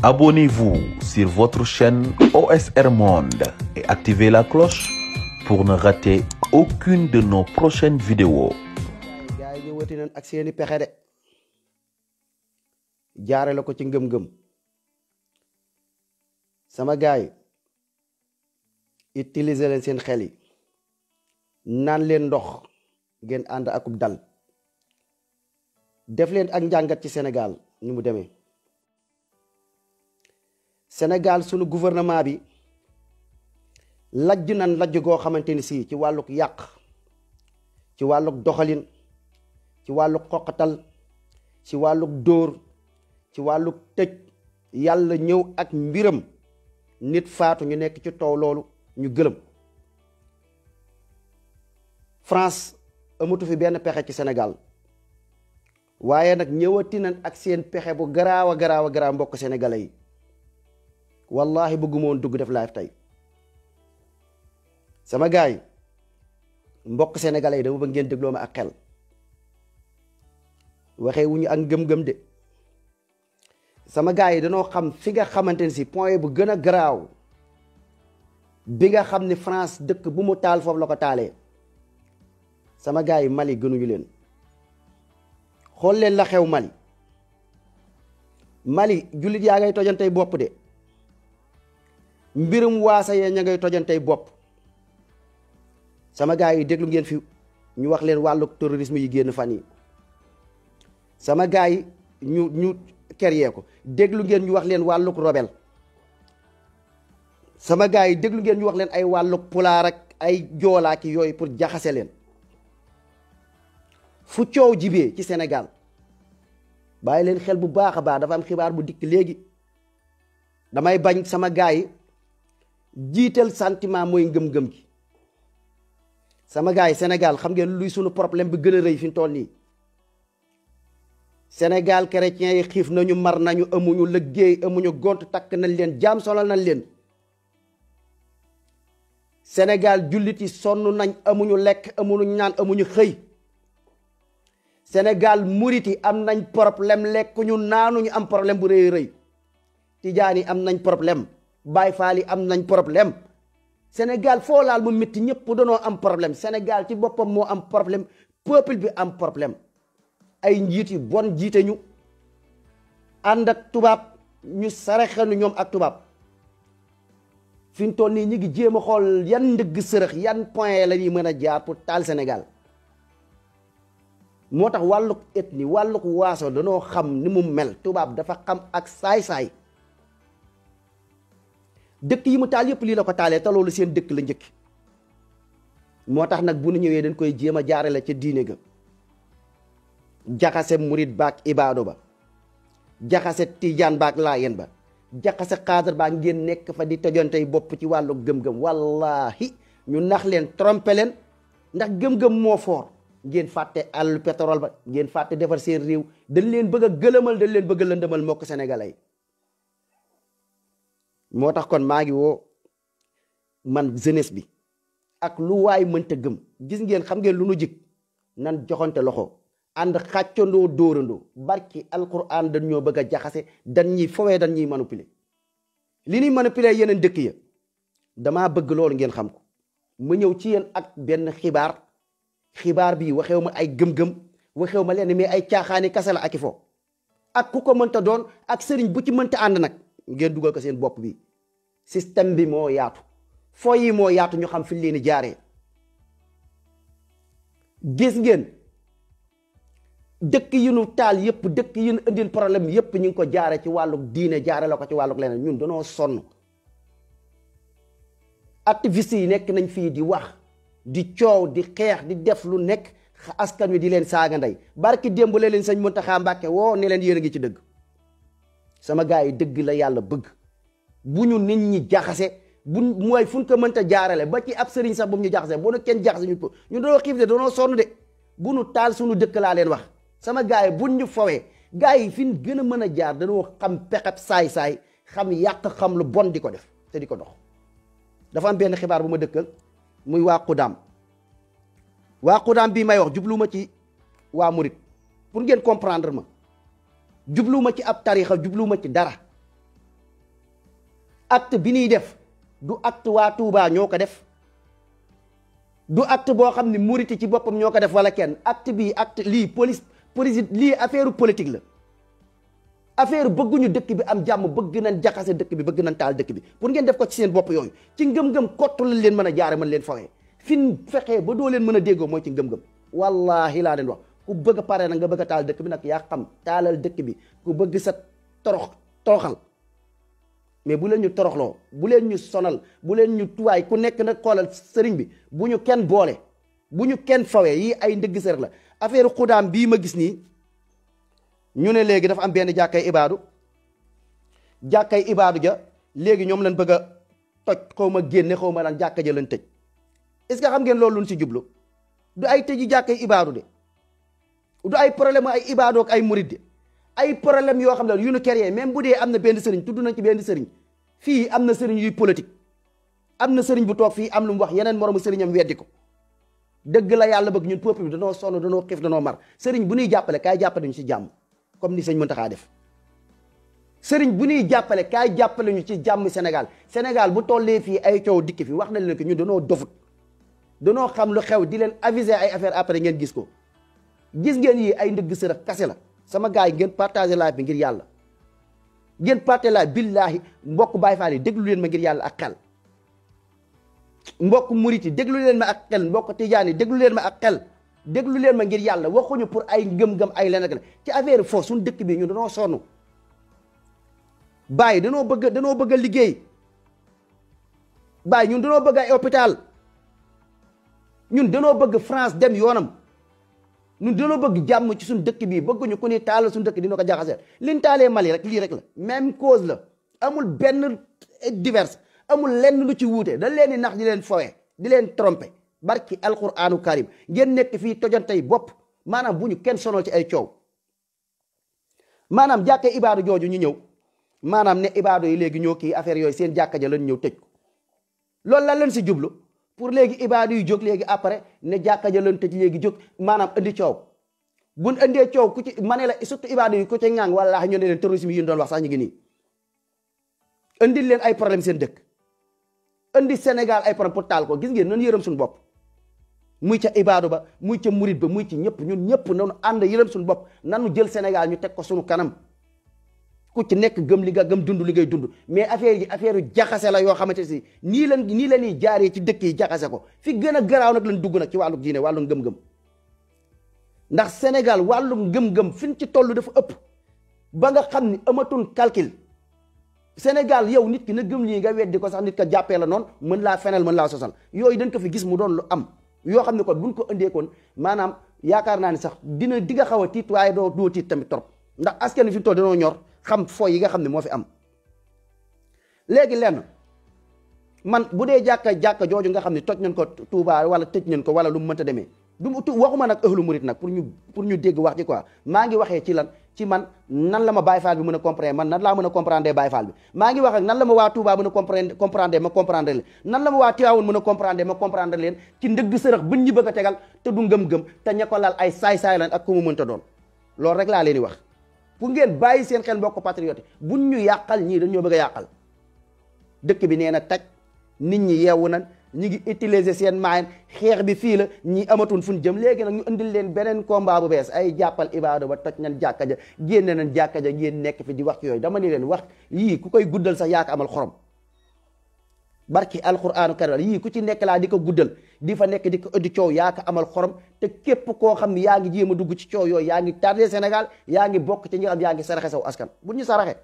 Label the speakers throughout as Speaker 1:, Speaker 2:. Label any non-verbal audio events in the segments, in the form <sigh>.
Speaker 1: Abonnez-vous sur votre chaîne OSR Monde et activez la cloche pour ne rater aucune de nos prochaines vidéos. gaa yi ñëwati nañ ak seeni pexe de ko ci ngëm sama gaa yi utiliser leen seen xel yi naan leen ndox ngeen ànd akub dal def leen ak njàngat ci Sénégal ni mu demee Sénégal sunu gouvernement bi lajj nan lajj goo xamante ni sii ci wàlluk yàq ci wàlluk doxalin ci wàlluk xoqatal ci wàlluk dóor ci wàlluk tëj yàlla ñëw ak mbiram nit faatu ñu nekk ci tow loolu ñu gëlëm France amatu fi benn pexe ci Sénégal waaye nag ñëwati nan ak seen pexe bu garaaw a garaaw a mbokk sénégalais yi wallahi bëgguma woon dugg def live tey sama gars yi mbokk sénégalais yi dama bëgg ngeen dégloo ma ak xel waxee wuñu ak ngëm-ngëm de sama gars yi danoo xam fi nga xamante ne si point bu gën garaaw bi nga xam ne France dëkk bu mu taal foofu la ko taalee sama gars yi Mali gënuñu leen xool leen la xew Mali Mali jullit yaa ngay tey bopp de mbirum waasa yee ña ngay tojantey bopp sama gars yi déglu ngeen fi ñu wax leen wàllu terrorisme yi génn fan yi sama gars yi ñu ñu keryee ko déglu ngeen ñu wax leen wàlluk robel sama gars yi déglu ngeen ñu wax leen ay wàlluk pulaar ak ay joolaa yooyu pour jaxase leen fu coow jibee ci senegal bàyyi leen xel bu baax a baax dafa am xibaar bu dikk léegi damay bañ sama gars yi jiital santiment mooy ngëm-ngëm gi sama gars yi Sénégal xam ngeen luy sunu problème bi gën a rëy fi mu toll nii Sénégal chrétiens yi xiif nañu mar nañu amuñu liggéey amuñu gont takk nañ leen jaam solal nañ leen Sénégal jullit yi sonn nañ amuñu lekk amuñu ñaan amuñu xëy Sénégal murit yi am nañ problème lekkuñu naanuñu am problème bu rëy rëy tijaan yi am nañ problème Baay Faal yi am nañ problème Sénégal foo laal mu métti ñëpp danoo am problème Sénégal ci boppam moo am problème peuple bi am problème ay njiit yu bon jiite ñu ànd ak tubaab ñu saraxanu ñoom ak tubaab fi mu nii ñu ngi jéem a xool yan ndëgg sërëx yan point la ñuy mën a jaar pour taal Sénégal moo tax wàlluk ethnie wàlluk waaso danoo xam ni mu mel tubaab dafa xam ak saay-saay dëkk yi mu taal yëpp lii la ko taalee te loolu seen dëkk la njëkk moo tax nag bu nu ñëwee dañ koy jéem a jaarale ca diine ga jaxase murit baak ibaado ba jaxase tijaan laa laayen ba jaxase xaadar baa ngeen nekk fa di tojontey bopp ci wàllu gëm-gëm wallahi ñu nax leen trompé leen ndax gëm-gëm moo foor ngeen fàtte àllu pétrole ba ngeen fàtte defar seen réew dañ leen bëgg a gëlëmal dañ leen bëgg a lëndëmal mbokk sénégalais yi moo tax kon maa ngi woo man jeunesse bi ak lu waay mënta gëm gis ngeen xam ngeen lu nu jikk nan joxante loxo ànd xàccandoo dóorandoo barki alquran dañ ñoo bëgg a jaxase dañ ñuy fowee dañ ñuy manipuler li ñuy manipuler yeneen dëkk ya damaa bëgg loolu ngeen xam ko ma ñëw ci yéen ak benn xibaar xibaar bi waxew ma ay gëm-gëm waxew ma leen mais ay caaxaani kase la ak i ak ku ko mënta doon ak sëriñ bu ci mënta ànd nag ngeen dugal ko seen bopp bi système bi moo yaatu foo yi moo yaatu ñu xam fi leen di jaaree gis ngeen dëkk yi nu taal yëpp dëkk yi nu indil problème yëpp ñu ngi ko jaare ci wàllug diine jaare la ko ci wàllug leneen ñun danoo sonn activiste yi nekk nañ fii di wax di coow di xeex di def lu nekk askan wi di leen saaga ndey barki démb leen sëñ Muntaxa Mbàkke woo ne leen yéen ngi ci dëgg sama gars yi dëgg la yàlla bëgg bu ñu nit ñi jaxase bu mooy fu ñu ko mënta jaarale ba ci ab sëriñ sax bu ñu jaxase boo na kenn jaxase ñu ko ñu doon xiif de doonoo sonn de bu ñu taal suñu dëkk laa leen wax sama gars yi buñ ñu fawee gars yi fi ñu gën a mën a jaar dañoo xam pexeb saay-saay xam yàq xam lu bon di ko def te di ko dox dafa am benn xibaar bu ma dëkkal muy waa Qudaam waa Qudaam bii may wax jublu ma ci waa Murit pour ngeen comprendre ma jubluwuma ci ab tarixa jubluwuma ci dara acte bi ñuy def du acte waa Touba ñoo ko def du acte boo xam ne muriti ci boppam ñoo ko def wala kenn acte bi acte lii police police lii affaire politique la affaire bëgguñu dëkk bi am jàmm bëgg nañ jaxase dëkk bi bëgg nañ taal dëkk bi pour ngeen def ko ci seen bopp yooyu ci ngëm-ngëm kottu lañ leen mën a jaare man leen fawee fin fexee ba doo leen mën a déggoo mooy ci ngëm-ngëm wallahi laa leen wax ku bëgg pare na nga bëgg a taal dëkk bi nag yaa xam taalal dëkk bi ku bëgg sa torox toroxal mais bu leen ñu toroxloo bu leen ñu sonal bu leen ñu tuwaay ku nekk nag xoolal sëriñ bi bu ñu kenn boole bu ñu kenn fawee yi ay ndëgg sër la affaire xudaam bii ma gis nii ñu ne léegi dafa am benn jàkkay ibaadu jàkkay ibaadu ja léegi ñoom lañ bëgg a toj ma génne xaw ma daan jàkka ja lañ est-ce que xam ngeen loolu luñ si jublu du ay tëji jàkkay ibaadu de du ay problème ay ibaadoo ak ay murid ay problème yoo xam ne yu nu créé même bu dee am na benn sëriñ tudd nañ ci benn sëriñ fii am na sëriñ yuy politique am na sëriñ bu toog fii am lu mu wax yeneen moromu sëriñam weddi ko dëgg la yàlla bëgg ñun peuple bi danoo sonn danoo xiif danoo mar sëriñ bu ñuy jàppale kaay jàppale ñu ci jàmm comme ni sëñ Mountakha def sëriñ bu ñuy jàppale kaay jàppale ñu ci jàmm Sénégal Sénégal bu tollee fii ay coow dikk fi wax na leen ko ñun danoo dofut danoo xam lu xew di leen aviser ay affaire après ngeen gis ko gis ngeen yi ay ndëgg sërëx kase la sama gars yi ngeen partagé live bi ngir yàlla ngeen partagé live billaahi mbokk Baay Faal yi déglu leen ma ngir yàlla ak kel mbokk murit yi déglu leen ma ak xel mbokk tijaan yi déglu leen ma ak xel déglu leen ma ngir yàlla waxuñu pour ay ngëm-ngëm ay leneen ak la ci affaire foofu suñu dëkk bi ñu danoo sonn bàyyi danoo bëgg danoo bëgg liggéey bàyyi ñun danoo bëgg a hopital ñun danoo bëgg France dem yoonam ñun dañoo bëgg jàmm ci suñu dëkk bii bëgguñu ku ni taal suñu dëkk dina ko jaxaseel liñ taalee Mali rek lii rek la même cause la amul benn diverse amul lenn lu ci wuute dañ leen di nax di leen fowee di leen tromper barki alquranu karim ngeen nekk fii tojantey bopp maanaam bu ñu kenn sonal ci ay coow maanaam jàkkee ibaadu jooju ñu ñëw maanaam ne ibaadu yi léegi ñëw kii affaire yooyu seen jàkka ja lañ ñëw tëj ko loolu la leen si jublu pour léegi ibaadu yu jog léegi après ne jàkka ja loon tëj léegi jóg maanaam indi coow buñ indee coow ku ci ma ne la surtout ibaadu yi ku ci ŋaang wala ñu ne leen terrorisme yi ñu doon wax sax ñu ngi nii leen ay problème seen dëkk andi Sénégal ay problème pour taal ko gis ngeen noonu yërëm suñu bopp muy ca ibaadu ba muy ca murit ba muy ci ñëpp ñun ñëpp noonu ànd yërëm suñu bopp nanu jël Sénégal ñu teg ko suñu kanam ku ci nekk gëm li nga gëm dund li ngay dund mais affaire yi affaire yu la yoo xamante si nii lan nii la ñuy ci dëkk yi jaxase ko fi gën a garaaw nag lan dugg nag ci wàllu diine wàllu ngëm-ngëm ndax Sénégal wàllu ngëm-ngëm fin ci toll dafa ëpp ba nga xam ni amatul calcul Sénégal yow nit ki na gëm lii nga weddi ko sax nit ka jàppee la noonu mën laa fenal mën laa sosal yooyu dañ ko fi gis mu doon lu am yoo xam ne ko buñ ko indeekoon maanaam yaakaar naa ni sax dina di nga xaw a tiit waaye doo doo tiit tamit ndax askan fi mu toll ñor xam fo yi nga xam ne moo fi am léegi lenn man bu dee jàkka jàkka jooju nga xam ni toj nañ ko Touba wala tëj nañ ko wala lu mu mënta demee du mu waxuma nag ëhlu murit nag pour ñu pour ñu dégg wax ji quoi maa ngi waxee ci lan ci man nan la ma Baye Fall bi mën a comprendre man nan laa mën a comprendre Baye Fall maa ngi wax nan la ma waa Touba mën a comprendre comprendre ma comprendre leen nan la ma waa Tivaouane mën a comprendre ma comprendre leen ci ndëgg sërëx buñ ñu bëgg a tegal te du ngëm-ngëm te ña ko lal ay saay-saay lan ak ku mu mënta doon loolu rek laa leen di wax pour ngeen bàyyi seen xel mbokk patriote buñ ñu yàqal ñii dañoo bëgg a yàqal dëkk bi nee na taj nit ñi yeewu nañ ñi ngi utiliser seen maayen xeex bi fii la ñi amatuñ fu jëm léegi nag ñu indil leen beneen combat bu bees ay jàppal ibaado ba toj nañ jàkka ja génne nañ jàkka ja ngeen nekk fi di wax yooyu dama ni leen wax yii ku koy guddal sax yaak amal xorom barki alquranu karim yii ku ci nekk laa di ko guddal di fa nekk di ko ëddi coow yaa ko amal xorom te képp koo xam ne yaa ngi jéem a dugg ci coow yooyu yaa ngi tardé senegal yaa ngi bokk ci ñi xam yaa ngi saraxe saw askan bu ñu saraxe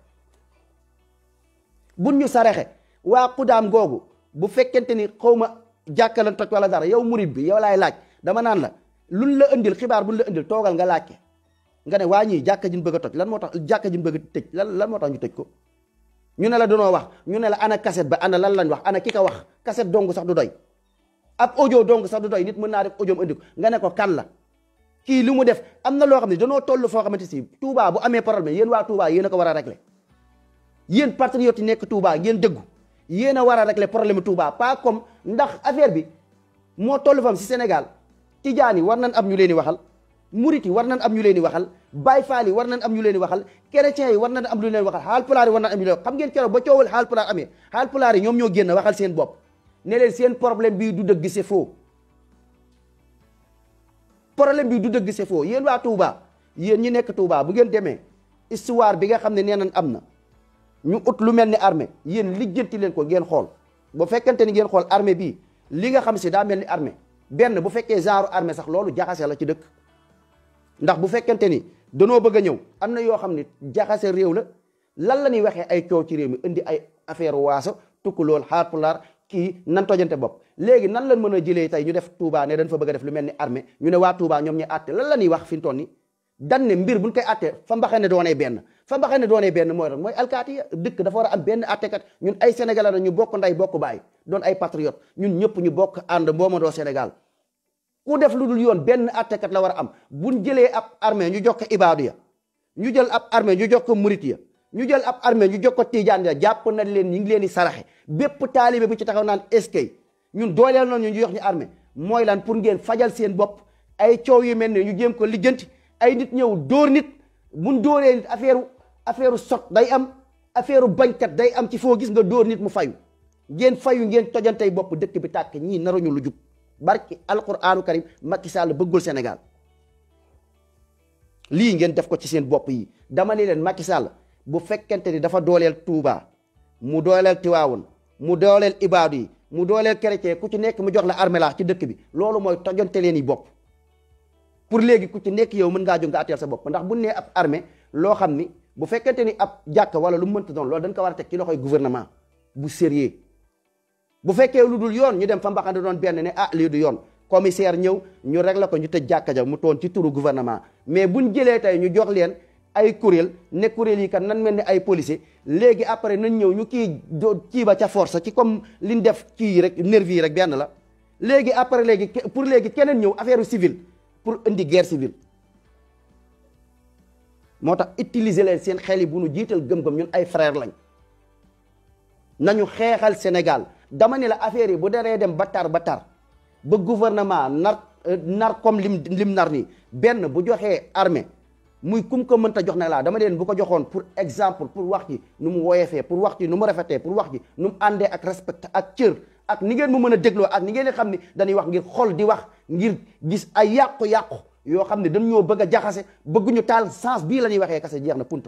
Speaker 1: buñ ñu saraxe waa xudaam googu bu fekkente ni xaw ma na toj wala dara yow murid bi yow laay laaj dama naan la luñ la indil xibaar buñ la indil toogal nga laaj laajte nga ne waa ñii jàkka jin bëgg a lan moo tax jàkka jin bëgg a lan lan moo tax ñu tëj ko ñu ne la danoo wax ñu ne la ana cassette ba ana lan lañ wax ana ki ka wax cassette dong sax du doy ab audio dong sax du doy nit mën naa def audio mu indi nga ne ko kan la kii li mu def am na loo xam ne danoo toll foo xamante si Touba bu amee problème yéen waa Touba yéen ko war a régler yéen patriotes yi nekk tuubaa ngeen dëggu yéen a war a régler problème Touba pas comme ndax affaire bi moo tollu fam si Sénégal tijaan yi war nañ am ñu leen di waxal murit yi war nañ am ñu leen di waxal Baay Faal yi war nañ am ñu leen waxal chrétiens yi war na am lu leen waxal Haalpulaar yi war nañ am ñu leen xam amee Haalpulaar yi ñoom ñoo génn waxal seen bopp ne leen seen problème bii du dëgg c'est faux problème bii du dëgg c'est faux yéen waa Touba yéen ñi nekk Touba bu ngeen demee histoire bi nga xam ne nee nañ am na ñu ut lu mel ni armée yéen lijjanti leen ko ngeen xool bu fekkente ni ngeen xool armee bii li nga xam si daa mel ni armée benn bu fekkee genre armée sax loolu jaxasee la ci dëkk ndax bu fekkente ni danoo bëgg a ñëw am na yoo xam ne jaxase réew la lan la ñuy waxee ay coow ci réew mi indi ay affaire waaso tukku lool xaarpulaar kii nan tojante bopp léegi nan lañ mën a jëlee tey ñu def Touba ne dañ fa bëgg def lu mel ni armée ñu ne waa Touba ñoom ñu àtte lan la ñuy wax fi mu toll nii dan ne mbir buñ koy àtte fa mbaxee ne doonee benn fa mbaxee ne doonee benn mooy lan mooy alkaati ya dëkk dafa war a am benn àttekat ñun ay sénégalais la ñu bokk nday bokk baay doon ay patriote ñun ñëpp ñu bokk ànd mboomandoo Sénégal ku def lu dul yoon benn attekat la war a am buñ jëlee ab armée ñu jox ko ibaadu ya ñu jël ab armée ñu jox ko murit ya ñu jël ab armée ñu jox ko tijaan ya jàpp na leen ñu ngi leen di saraxe bépp taalibe bu ci taxaw naan eskay ñun dooleel noonu ñu jox ñu armée mooy lan pour ngeen fajal seen bopp ay coow yu mel ne ñu jéem ko lijjanti ay nit ñëw dóor nit mun dóoree nit affaire affaire sot day am affaire bañkat day am ci foo gis nga dóor nit mu fayu ngeen fayu ngeen tojantey bopp dëkk bi tàkk ñii naruñu lu jub barki alquranu karim Macky Sall bëggul Sénégal lii ngeen def ko ci seen bopp yi dama ne leen Macky bu fekkente ni dafa dooleel Touba mu dooleel Tiwaawoon mu dooleel ibaadu yi mu dooleel chrétien ku ci nekk mu jox la armela ci dëkk bi loolu mooy tojonte leen yi bopp pour léegi ku ci nekk yow mën ngaa jóg nga atteel sa bopp ndax bu nee ab armée loo xam ni bu fekkente ni ab jàkk wala lu mu mënta doon loolu dañ ko war a teg ci loxo gouvernement bu sérieux bu fekkee lu dul yoon ñu dem fa mbaxande doon benn ni ah lii du yoon commissaire ñëw ñu la ko ñu tëj jàkka ja mu toon ci turu gouvernement mais bu buñ jëlee tey ñu jox leen ay kuréel ne kuréel yi kan nan mel ni ay policier léegi après nañ ñëw ñu kii kii ba ca force ci comme li liñ def kii rek nervi yi rek benn la léegi après léegi pour léegi keneen ñëw affaire civile pour indi guerre civile moo tax utiliser leen seen xel yi bu nu jiital gëm-gëm ñun ay frère lañ nañu xeexal Sénégal dama ni la affaire yi bu daree dem ba tar ba tar ba gouvernement nar euh, nar comme lim lim nar nii benn bu joxee armée muy kum ko mënta jox na laa dama leen bu ko joxoon pour exemple pour wax ci nu mu woyefee pour wax ci nu mu rafetee pour wax ci nu àndee ak respect ak cër ak ni ngeen mu mën a dégloo ak ni ngeen di xam ni dañuy wax ngir xol di wax ngir gis a yàqu-yàqu yoo xam ne dañ yoo bëgg a jaxase bëgguñu taal sens bii la ñuy waxee kase jeex na punt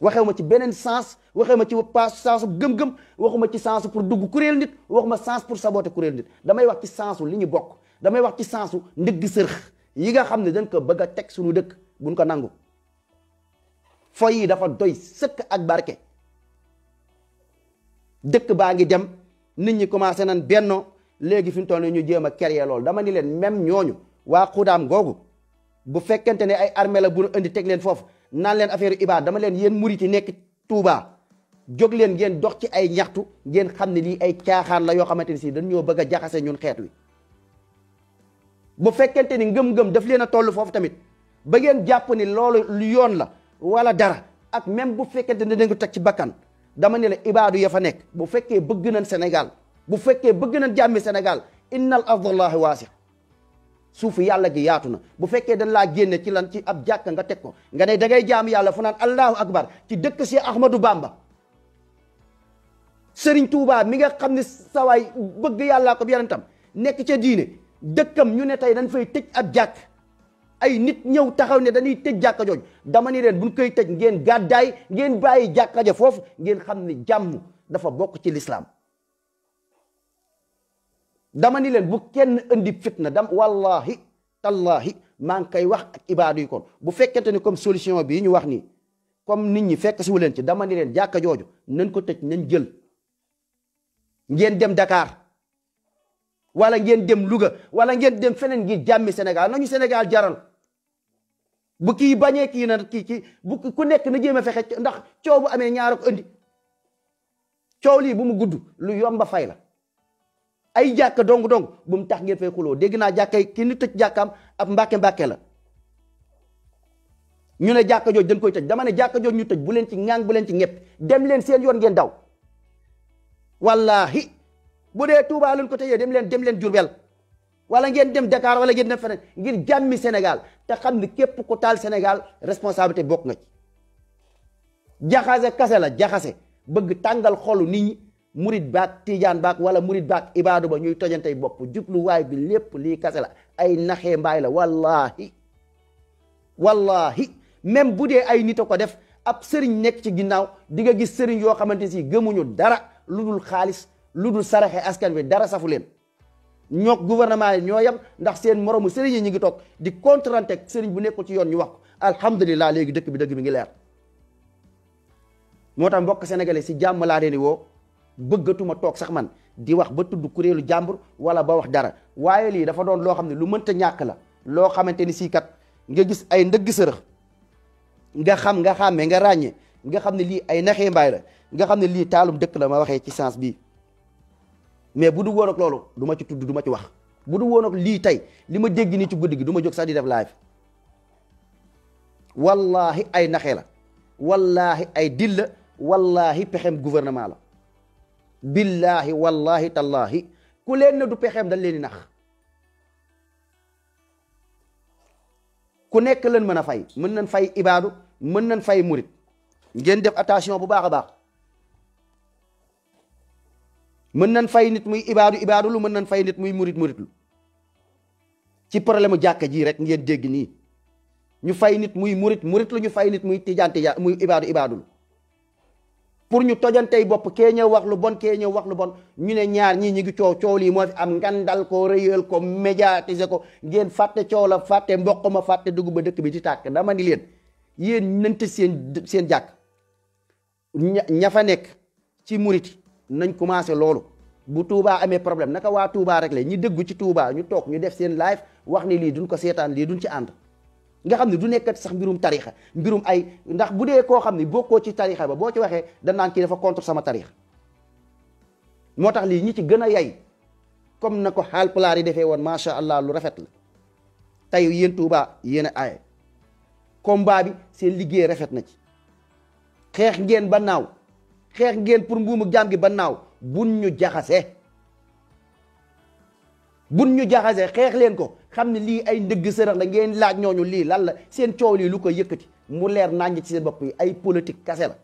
Speaker 1: waxew ma ci beneen sens waxew ma ci pas sensu gëm-gëm waxuma ci sensu pour dugg kuréel nit waxuma sens pour saboter kuréel nit damay wax ci sensu li ñu bokk damay wax ci sensu ndëgg sërx yi nga xam ne dañ ko bëgg a teg suñu dëkk buñ ko nangu fo dafa doy sëkk ak barke dëkk baa ngi dem nit ñi commencé nan benno léegi fi mu toll ñu jéem a créer loolu dama ni leen même ñooñu waa xudaam googu bu fekkente ne ay armée bu nu indi teg leen foofu naan leen affaire ibaad dama leen yéen murit ci nekk Touba jóg leen ngeen dox ci ay ñaxtu ngeen xam ne lii ay caaxaan la yoo xamante ni sii dañ ñoo bëgg a jaxase ñun xeet wi bu fekkente ni ngëm-ngëm daf leen a toll foofu tamit ba ngeen jàpp ni loolu lu yoon la wala dara ak même bu fekkente ne dañ ko teg ci bakkan dama ne la ibaadu ya fa nekk bu fekkee bëgg nañ Sénégal bu fekkee bëgg nañ jàmmi Sénégal innal ardullahi waasix suufu yàlla gi yaatu na bu fekkee dañ laa génne ci lan ci ab jàkka nga teg ko nga ne da ngay jaam yàlla fu naan allahu akbar ci dëkk si Ahmadou bàmba sëriñ Touba mi nga xam ne sawaay bëgg yàllaa ko yonentam nekk ca diine dëkkam ñu ne tey dañ fay tëj ab jàkk ay nit ñëw taxaw ne dañuy tëj jàkka jooj dama ni leen buñ koy tëj ngeen gàddaay ngeen bàyyi jàkka ja foofu ngeen xam ne jàmm dafa bokk ci lislaam dama ni leen bu kenn indi fitna dam wallahi tallahi maa ngi koy wax ak ibaadu yi kon bu fekkente ni comme solution bii ñu wax ni comme nit ñi fekk si leen ci dama ni leen jàkka jooju nañ ko tëj nañ jël ngeen dem dakaar wala ngeen dem luga wala ngeen dem feneen ngir senegal na nañu senegal jaral bu kii bañee ki na kii kii bu ku nekk na jéem a fexe ndax coow bu amee ñaar ko coow lii bu mu gudd lu yomba fay la. ay jàkka dong dong bu mu tax ngeen fay xuloo dégg naa jàkka yi ki ñu tëj jàkkam ab mbàkke mbàkke la ñu ne jàkka jooj dañ koy tëj dama ne jàkka jooj ñu tëj bu leen ci ŋaang bu leen ci ñepp dem leen seen yoon ngeen daw wallahi bu dee Touba luñ ko dem leen dem leen Jurbel wala ngeen dem Dakar wala ngeen dem feneen ngir jàmmi Sénégal te xam ne képp ku taal Sénégal responsabilité bokk nga ci jaxase kase la jaxase bëgg tàngal xolu nit ñi murit baak tiijaan baak wala murit baak ibaadu ba ñuy tojantey bopp jubluwaay bi lépp lii kase la ay naxee mbaay la wallahi wallahi même bu dee ay nit a ko def ab sëriñ nekk ci ginnaaw di nga gis sëriñ yoo xamante si gëmuñu dara lu dul xaalis lu dul saraxe askan wi dara safu leen ñoog gouvernement yi ñoo yam ndax seen moromu sëriñ yi ñu ngi toog di contrante sëriñ bu nekkul ci yoon ñu wax ko alhamdulilah léegi dëkk bi dëgg bi ngi leer moo tax mbokk sénégalais si jàmm laa leen woo bëggatuma toog sax man di wax ba tudd kuréelu jàmbur wala ba wax dara waaye lii dafa doon loo xam ne lu mënta ñàkk la loo xamante ni sii kat nga gis ay ndëgg sërëx nga xam nga xàmmee nga ràññee nga xam ne lii ay naxee mbaay la nga xam ne lii taalum dëkk la ma waxee ci sens bii mais bu du woon loolu du ci tudd du ma ci wax bu du woon ak lii tey li ma dégg nii ci guddi gi du ma jóg sax di def live wallaahi ay naxe la wallaahi ay dil la pexem gouvernement la billaahi wallaahi tallaahi ku leen na du pexeem dañ leen di nax ku nekk leen mën a fay mën nañ fay ibaadu mën nañ fay murit ngeen def attention bu baax a baax mën nañ fay nit muy ibaadu ibaadu lu mën nañ fay nit muy murit murit lu ci mu jàkka jii rek ngeen dégg nii ñu fay nit muy murit murit lu ñu fay nit muy tijaan tijaan muy ibaadu ibaadu pour ñu tojantey bopp kee ñëw wax lu bon kee ñëw wax lu bon ñu ne ñaar ñii ñu ngi coow coow lii moo fi am ngandal ko réyal ko médiatiser ko ngeen fàtte coow la fàtte mboq ma fàtte dugub ba dëkk bi di tàkk dama ni leen yéen nënt seen seen jàkk ña fa nekk ci murit nañ commencé loolu bu tuubaa amee problème naka waa Touba rek la ñi dëggu ci tuubaa ñu toog ñu def seen live wax ni lii duñ ko seetaan lii duñ ci ànd nga xam ne du nekkat sax mbirum tarixa mbirum ay ndax bu dee koo xam ne bokkoo ci tarixa ba boo ci waxee da naan kii dafa contre sama tarixa moo tax lii ñi ci gën a yay comme na ko Haalpulaar yi defee woon macha allah lu rafet la tey yéen Touba yéen a aaye combat bi seen liggéey rafet na ci xeex ngeen ba naaw xeex ngeen pour mbuumu jaam gi ba naaw bu ñu jaxasee buñ ñu jaxasee xeex leen ko xam ne lii ay ndëgg sërëx la ngeen laaj ñooñu lii lan la seen coow lii lu ko yëkkati mu leer naññ ci seen bopp yi ay politique kase la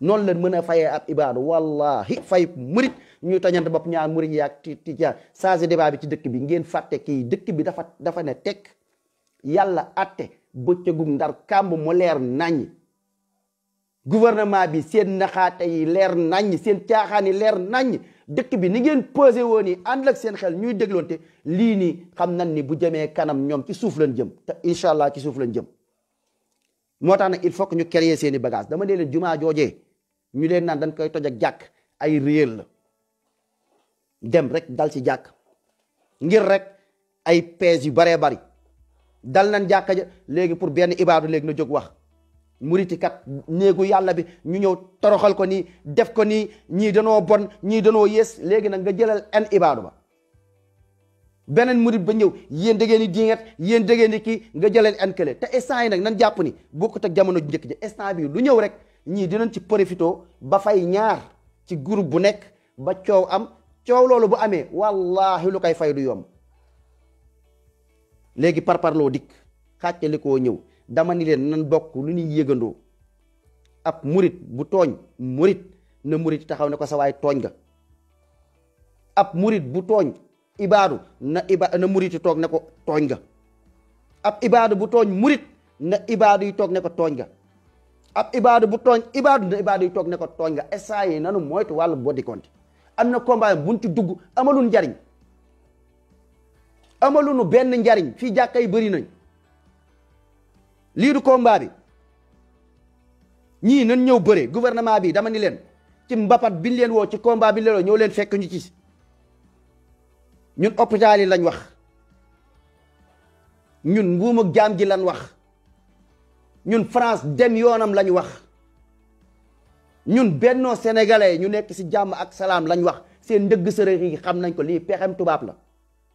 Speaker 1: noonu lañ mën a faye ab ibaadu wallahi fay murit ñu tañante bopp ñaar murit yi ak ti ti changé débat bi ci dëkk bi ngeen fàtte kii dëkk bi dafa dafa ne teg yàlla atte bëccëgum ndar kàmb mu leer naññ gouvernement bi seen naxaate yi leer naññ seen caaxaan yi leer naññ dëkk bi ni ngeen posé woon nii ànd ak seen xel ñuy dégloonte lii nii xam nan ni bu jëmee kanam ñoom ci suuf lan jëm te incha allah ci suuf lañ jëm moo tax nag il faut ñu créer seen i bagage dama ne leen jumaa joojee ñu leen naan dañ koy toj ak jàkk ay réel la dem rek dal ci jàkk ngir rek ay pees yu baree bari dal nañ jàkka ja léegi pour benn ibaadu léegi na jóg wax muriti kat néegu yàlla bi ñu ñëw toroxal ko nii def ko nii ñii danoo bon ñii danoo yées léegi nag nga jëlal en ibaadu ba beneen murit ba ñëw yéen da ngeen di diingat yéen da ngeen di kii nga jëlal en kële te instant yi nag nan jàpp ni bokkut ak jamono ju njëkk ji instant bii lu ñëw rek ñii dinañ ci profito ba fay ñaar ci groupe bu nekk ba coow am coow loolu bu amee wallahi lu koy fay du yomb léegi parparloo dikk xàccali koo ñëw dama ni leen nan bokk lu ñuy yëgandoo ab murit bu tooñ murit na murit taxaw ne ko sa waay tooñ nga ab murit bu tooñ ibaadu na iba na ko tooñ nga ab ibaadu bu tooñ murit na ibaadu yi toog ne ko tooñ ga ab ibaadu bu tooñ ibaadu na ibaadu yi toog ne ko tooñ nga essai yi nanu moytu wàllu boo dikkonte am na combat buñ ci dugg amalun njariñ amalunu benn njariñ fii jàkka yi bëri nañ lii du combat bi ñii nan ñëw bëre gouvernement bi dama ni leen ci mbapat biñ leen woo ci combat biñ leen woo ñëw leen fekk ñu ci ñun hôpital lañ wax ñun mbuum ak jaam ji lañ wax ñun France dem yoonam lañ wax ñun bennoo sénégalais ñu nekk ci jàmm ak salaam lañ wax seen ndëgg sërëx yi xam nañ ko lii pexem tubaab la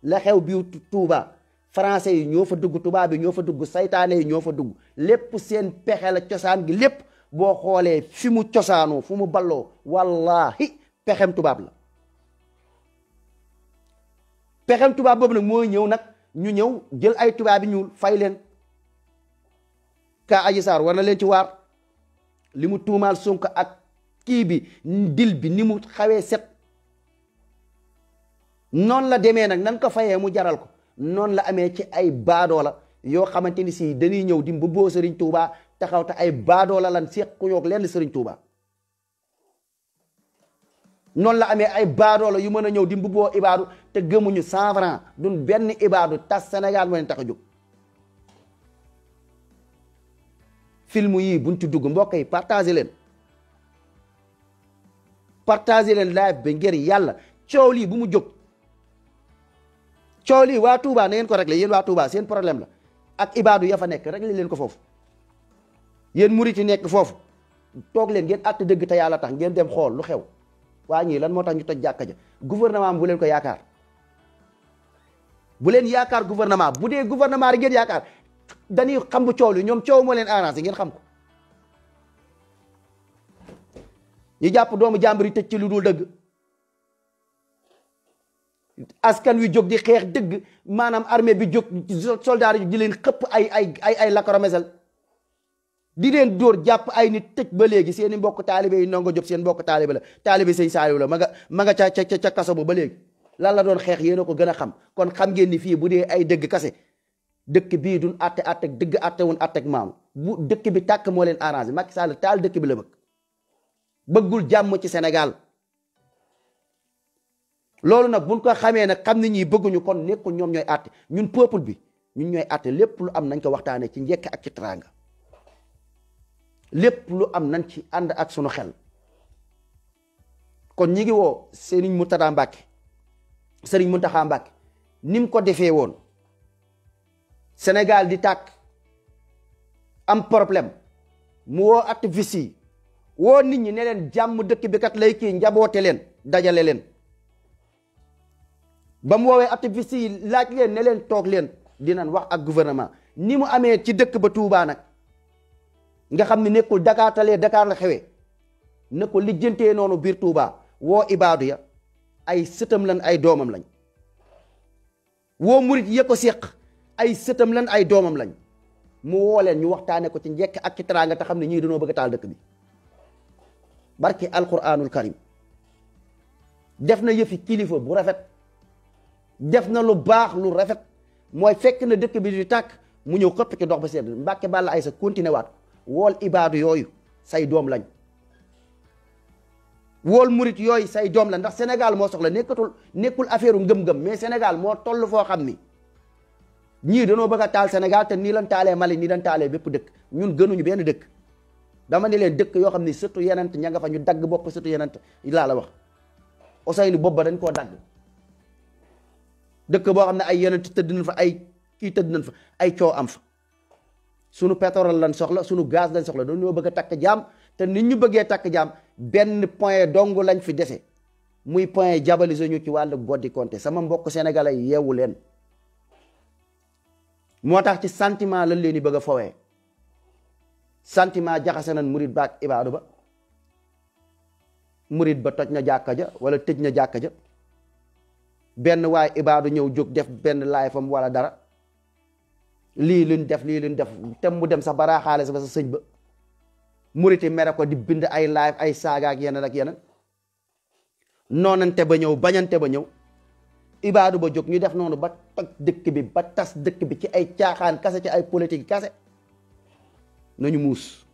Speaker 1: la xew biu Touba français yi ñoo fa dugg tubaab yi ñoo fa dugg seytaane yi ñoo fa dugg lépp seen pexe la cosaan gi lépp boo xoolee fi mu cosaanoo fu mu balloo wallahi pexem tubaab la pexem tubaab boobu nag mooy ñëw nag ñu ñëw jël ay tubaab yi ñuul fay leen kaa aji saar war na leen ci waar li mu tuumaal sunk ak kii bi dil bi ni mu xawee set noonu la demee nag nan ko fayee mu jaral ko noonu la amee ci ay baadoola yoo xamante ni si dañuy ñëw boo mbubboo Serigne Touba taxaw ta ay baadoola lan seq ku yoog lenn Serigne Touba noonu la amee ay baadoola yu mën a ñëw di boo ibaadu te gëmuñu cent franc duñ benn ibaadu tas senegal moo leen tax a jóg film yii buñ ci dugg mbokk yi partagé leen partagé leen live bi ngir yàlla coow lii bu mu jóg coow lii waa Touba na ngeen ko réglé yéen waa Touba seen problème la ak ibaadu ya fa nekk réglé leen ko foofu yéen murit yi nekk foofu toog leen ngeen att dëgg te yàlla tax ngeen dem xool lu xew waa ñii lan moo tax ñu toj jàkka ja gouvernement bu leen ko yaakaar bu leen yaakaar gouvernement bu dee gouvernement rek ngeen yaakaar dañuy xam bu coow li ñoom coow moo leen arrangé ngeen xam ko ñu jàpp doomu jàmbur yi tëj ci lu dul dëgg askan wi jóg di xeex dëgg maanaam armée bi jóg soldaar yi di leen xëpp ay ay ay ay lakoromesal di leen dóor jàpp ay nit tëj ba léegi seen i mbokk taalibe yi nongo jog seen mbokk taalibe la taalibe sëñ Saaliw la ma nga ma nga ca ca ca kaso ba léegi lan la doon xeex yéen a ko gën a xam kon xam ngeen ni fii bu dee ay dëgg kase dëkk bii duñ atte atte dëgg atte wuñ atte bu dëkk bi tàkk moo leen arrangé Macky Sall taal dëkk bi la bëgg bëggul jàmm ci Sénégal loolu nag buñ ko xamee nag xam ne ñii bëgguñu kon nekkul ñoom ñooy àtte ñun peuple bi ñun ñooy àtte lépp lu am nañ ko waxtaanee ci njëkk ak ci teraanga lépp lu am nañ ci ànd ak sunu xel kon ñi ngi woo Serigne Mountakha Mbacké Serigne Mountakha Mbacké ni mu ko defee woon Sénégal di tàkk am problème mu woo activiste woo nit ñi neleen jàmm dëkk bi kat lay kii njaboote leen dajale leen ba mu woowee activiste yi laaj leen ne leen toog leen dinañ wax ak gouvernement ni mu amee ci dëkk ba Touba nag nga xam ne nekkul Dakar talee Dakar la xewee na ko lijjantee noonu biir Touba woo ibaadu ya ay sëtam lan ay doomam lañ woo murit ya ko ay sëtam lan ay doomam lañ mu woo leen ñu waxtaane ko ci njekk ak ci teraanga te xam ne ñii dañoo bëgg taal dëkk bi barki alquranul karim def na yëfi kilifa bu rafet def na lu baax lu rafet mooy fekk na dëkk bi di tàkk mu ñëw xëpp ci dox ba sedd mbàkke bàlla ay sa continué waat wool ibaadu yooyu say doom lañ wool murit yooyu say doom la ndax Sénégal moo soxla nekkatul nekkul affaire ngëm-ngëm mais senegal moo toll foo xam ni ñii danoo bëgg a taal senegal te nii lan taalee Mali nii lan taalee bépp dëkk ñun gënuñu benn dëkk dama ne leen dëkk yoo xam ni surtout yenent ña nga fa ñu dagg bopp surtout yenent laa la wax Ousseynou bopp ba dañ koo dagg dëkk boo xam ne ay yonent tëdd nañ fa ay kii tëdd nañ fa ay coow am fa sunu pétrole lañ soxla sunu gaz lañ soxla doon dañoo bëgg a takk jaam te nit ñu bëggee takk jaam benn point dong lañ fi dese muy point jabalisé ñu ci wàllu goddi compté sama mbokk sénégalais yeewu leen moo tax ci sentiment lañ leen di bëgg a fowee sentiment jaxase nañ murit baak ibaadu ba murit ba toj na jàkka ja wala tëj na jàkka ja benn waaye ibaadu ñëw jóg def benn laay fam wala dara lii luñ def lii luñ def tem mu dem sax baraaxaale sa ba sa sëñ ba muriti mere ko di bind ay live ay saaga ak yeneen ak yeneen noonante ba ñëw bañante ba ñëw ibaadu ba jóg ñu def noonu ba toj dëkk bi ba tas dëkk bi ci ay caaxaan kase ci ay politique kase nañu muus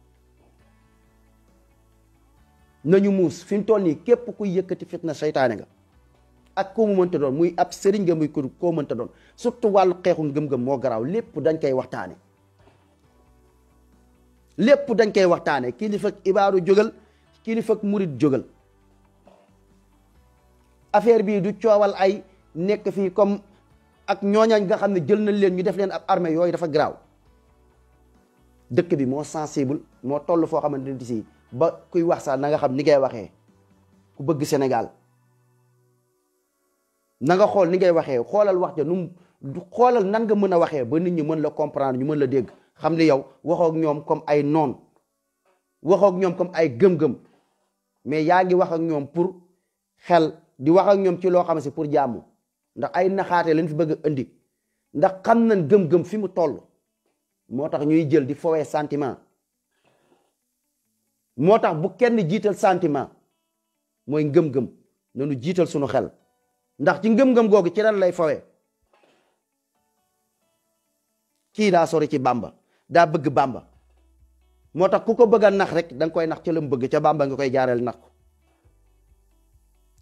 Speaker 1: nañu muus fi mu toll nii képp kuy yëkkati fitna seytaane nga ak koo mu mënta doon muy ab sëriñ nga muy koo mënta doon surtout wàllu xeexu ngëm-ngëm moo garaaw lépp dañ koy waxtaane lépp dañ koy waxtaane kilifa ak ibaaru jógal kilifa ak murit jógal affaire bii du coowal ay nekk fii comme ak ñooñañ nga xam ne jël nañ leen ñu def leen ab armée yooyu dafa garaaw dëkk bi moo sensible moo toll foo xamante ne si ba kuy wax sax na nga xam ni ngay waxee ku bëgg Sénégal na nga xool ni ngay waxee xoolal wax ja nu mu xoolal nan nga mën a waxee ba nit ñi mën la comprendre ñu mën la dégg xam ne yow waxoog ñoom comme ay noon waxoog ñoom comme ay gëm-gëm mais yaa ngi wax ak ñoom pour xel di wax ak ñoom ci loo xam si pour jàmm ndax ay naxaate lañ fi bëgg a indi ndax xam nañ gëm-gëm fi mu toll moo tax ñuy jël di foowee sentiment moo tax bu kenn jiital sentiment mooy ngëm-ngëm nanu jiital sunu xel ndax ci ngëm-ngëm googu ci lan lay fawee kii daa sori ci bàmba daa bëgg bàmba moo tax ku ko bëgg a nax rek danga koy nax ca la mu bëgg ca bàmba nga koy jaareel nax ko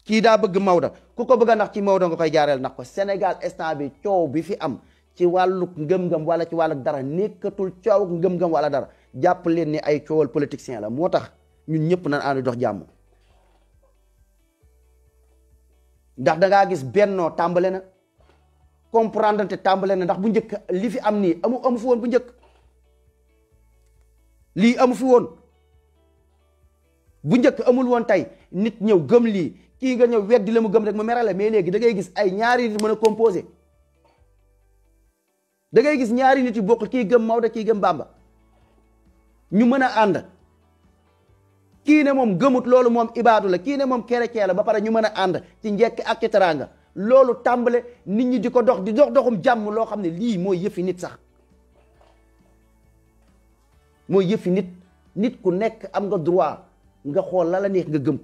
Speaker 1: kii daa bëgg Maodo ku ko bëgg a nax ci Maodo nga koy jaareel nax ko Sénégal instant bi coow bi fi am ci wàllu ngëm-ngëm wala ci wàllu dara nekkatul coow ngëm-ngëm wala dara jàpp leen ni ay coowal politicien la moo tax ñun ñëpp na ànd dox jàmm. ndax da gis bennoo tàmbale na comprendre te tàmbale na ndax bu njëkk li fi am nii amu amu fi woon bu njëkk lii amu fi woon bu njëkk amul woon tey nit ñëw gëm lii kii nga ñëw weddi la mu gëm rek mu merale mais léegi da ngay gis ay ñaari nit mën a composé da gis ñaari nit yu bokkul kii gëm Maodo kii gëm Bamba ñu mën a ànd kii ne moom gëmut loolu moom ibaadu la kii ne moom chrétien la ba pare ñu mën a ànd ci njekk ak ci teraanga loolu tàmbale nit ñi di ko dox di dox doxum jàmm loo xam ne lii mooy yëfi nit sax mooy yëfi nit nit ku nekk am nga droit nga xool la la neex nga gëm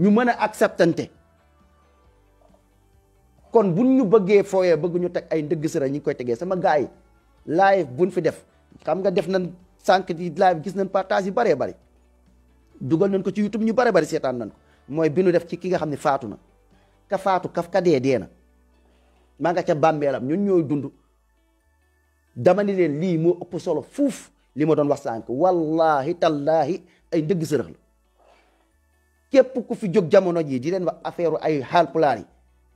Speaker 1: ñu mën a acceptante kon buñ ñu bëggee fooyee bëgg ñu teg ay ndëgg sëra ñu ngi koy tegee sama gaa yi live buñ fi def xam nga def na sànq di live gis nañ partage yi bëree bëri dugal nañ ko ci youtube ñu bare bari seetaan nañ mooy bi def ci ki nga xam ni faatu na ka faatu kaf ka dee dee na maa nga ca bàmmeelam ñun ñooy dund dama ni leen lii moo ëpp solo fuuf li ma doon wax sànq wallahi tallahi ay ndëgg sërëx la képp ku fi jóg jamono jii di leen wax affaire ay xaal pulaar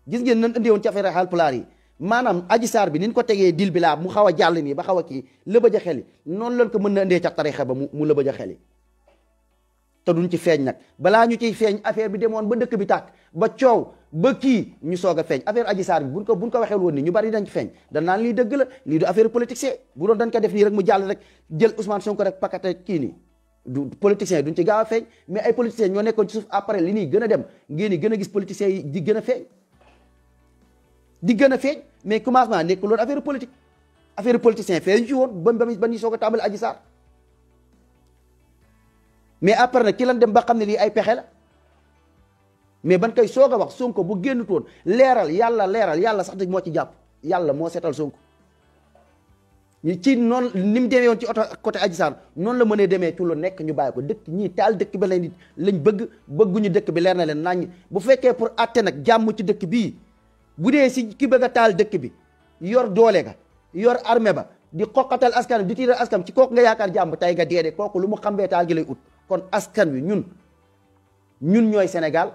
Speaker 1: gis ngeen nan indee woon ci affaire ay xaal pulaar yi maanaam aji saar bi ni ko tegee dil bi laa mu xaw a jàll nii ba xaw a kii lëbëj a xeli noonu lañ ko mën na indee ca tarixa ba mu mu lëbëj a xeli te duñ ci feeñ nag balaa ñu ciy feeñ affaire bi demoon ba dëkk bi tàkk ba coow ba kii ñu soog a feeñ affaire aji saar bi buñ ko ko waxee woon ni ñu bari dañ ci feeñ dañ naan lii dëgg la lii du affaire politique bu doon dañ ko def nii rek mu jàll rek jël Ousmane Sonko rek pakate kii nii du politiciens yi duñ ci gaaw a mais ay politiciens ñoo nekkoon ci suuf après li nii gën a dem ngeen gën gis politiciens yi di gën a feeñ di gën a feeñ mais commencement nekk loolu affaire politique affaire politicien feeñ ci woon ba ba ba ñuy soog a tàmbali Adji mais après nag ci lan dem ba xam ne lii ay pexe la mais ban koy soog a wax Sonko bu génn toon leeral yàlla leeral yàlla sax moo ci jàpp yàlla moo seetal Sonko ñu ci noon ni mu demee ci oto côté Adji Sarr noonu la mënee demee ci lu nekk ñu bàyyi ko dëkk ñii taal dëkk bi lañ lañ bëgg bëgguñu dëkk bi leer na leen naññ bu fekkee pour àtte nag jàmm ci dëkk bii. bu dee si ki bëgg a taal dëkk bi yor doole ga yor armée ba di xoqatal askan bi di tiital askan ci kooku nga yaakaar jàmb tay nga deede kooku lu mu xambee taal gi lay ut kon askan wi ñun ñun ñooy senegal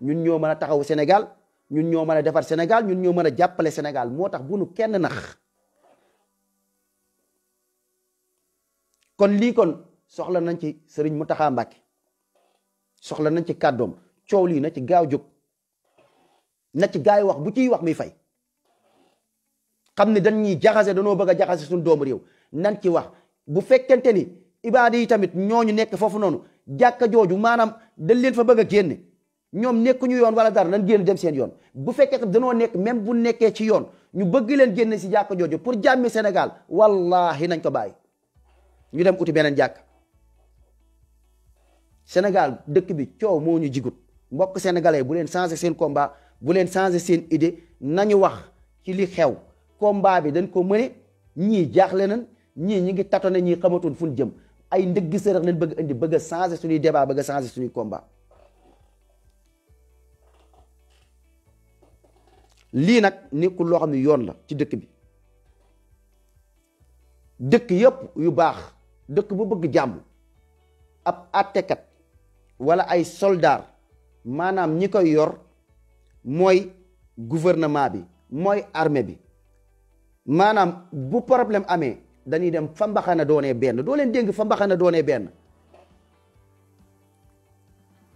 Speaker 1: ñun ñoo mën a taxaw senegal ñun ñoo mën a defar senegal ñun ñoo mën a jàppale senegal moo tax bu nu kenn nax kon lii kon soxla nañ ci Serigne Mountakha Mbacké soxla nañ ci kàddoom coow lii na ci gaaw jóg na ci gaay wax bu ciy wax muy fay xam ne dañ ñuy jaxase danoo bëgg jaxase suñ doomu réew nan ci wax bu fekkente ni ibaada yi tamit ñooñu nekk foofu noonu jàkka jooju maanaam dañ leen fa bëgg a génne ñoom nekkuñu yoon wala dara nan génn dem seen yoon bu fekkee tam danoo nekk même bu nekkee ci yoon ñu bëgg leen génne si jàkka jooju pour jàmmi Sénégal wallahi nañ ko bàyyi ñu dem uti beneen jàkk senegal dëkk bi coow moo ñu jigut mbokk sénégalais bu leen changé seen combat bu leen changer seen idée nañu wax ci li xew combat bi dañ ko mëne ñii jaaxle nañ ñii ñi ngi tato na ñii xamatoon fu ñu jëm ay ndëgg sërëx leen bëgg indi bëgg a changer suñuy débat bëgg a changer suñuy combat lii nag nekkul loo xam ne yoon la ci dëkk bi dëkk yëpp yu baax dëkk bu bëgg jàmm ab àttekat wala ay soldaar maanaam ñi koy yor mooy gouvernement bi mooy armée bi maanaam bu problème amee dañuy dem fa mbaxana doonee benn doo leen dénk fa mbaxana doonee benn